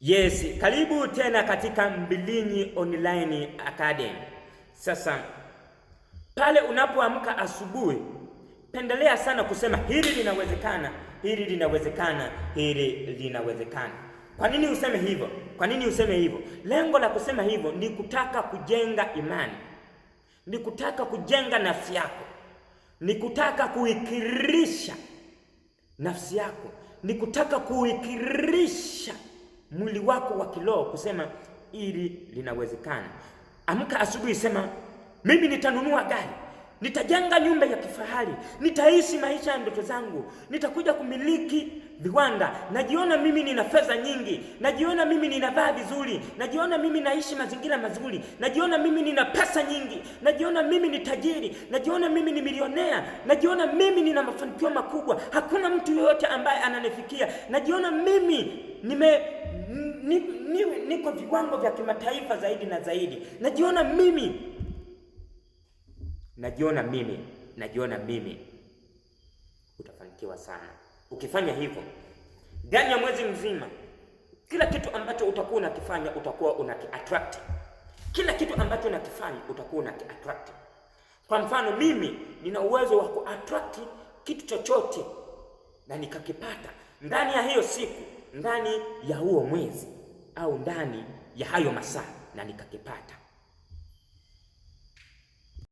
Yes, karibu tena katika Mbilinyi Online Academy. Sasa pale unapoamka asubuhi, pendelea sana kusema hili linawezekana, hili linawezekana, hili linawezekana. Kwa nini useme hivyo? Kwa nini useme hivyo? Lengo la kusema hivyo ni kutaka kujenga imani, ni kutaka kujenga nafsi yako, ni kutaka kuikirisha nafsi yako, ni kutaka kuikirisha mwili wako wa kiroho kusema ili linawezekana. Amka asubuhi, sema mimi nitanunua gari, nitajenga nyumba ya kifahari, nitaishi maisha ya ndoto zangu, nitakuja kumiliki viwanda. Najiona mimi nina fedha nyingi, najiona mimi ninavaa vizuri, najiona mimi naishi mazingira mazuri, najiona mimi nina pesa nyingi, najiona mimi ni tajiri, najiona mimi ni milionea, najiona mimi nina mafanikio makubwa, hakuna mtu yoyote ambaye ananifikia, najiona mimi nime ni, niko viwango vya kimataifa zaidi na zaidi. Najiona mimi, najiona mimi, najiona mimi. Utafanikiwa sana ukifanya hivyo. Ndani ya mwezi mzima, kila kitu ambacho utakuwa unakifanya utakuwa unakiattract. Kila kitu ambacho unakifanya utakuwa unakiattract. Kwa mfano, mimi nina uwezo wa kuattract kitu chochote na nikakipata ndani ya hiyo siku ndani ya huo mwezi au ndani ya hayo masaa na nikakipata.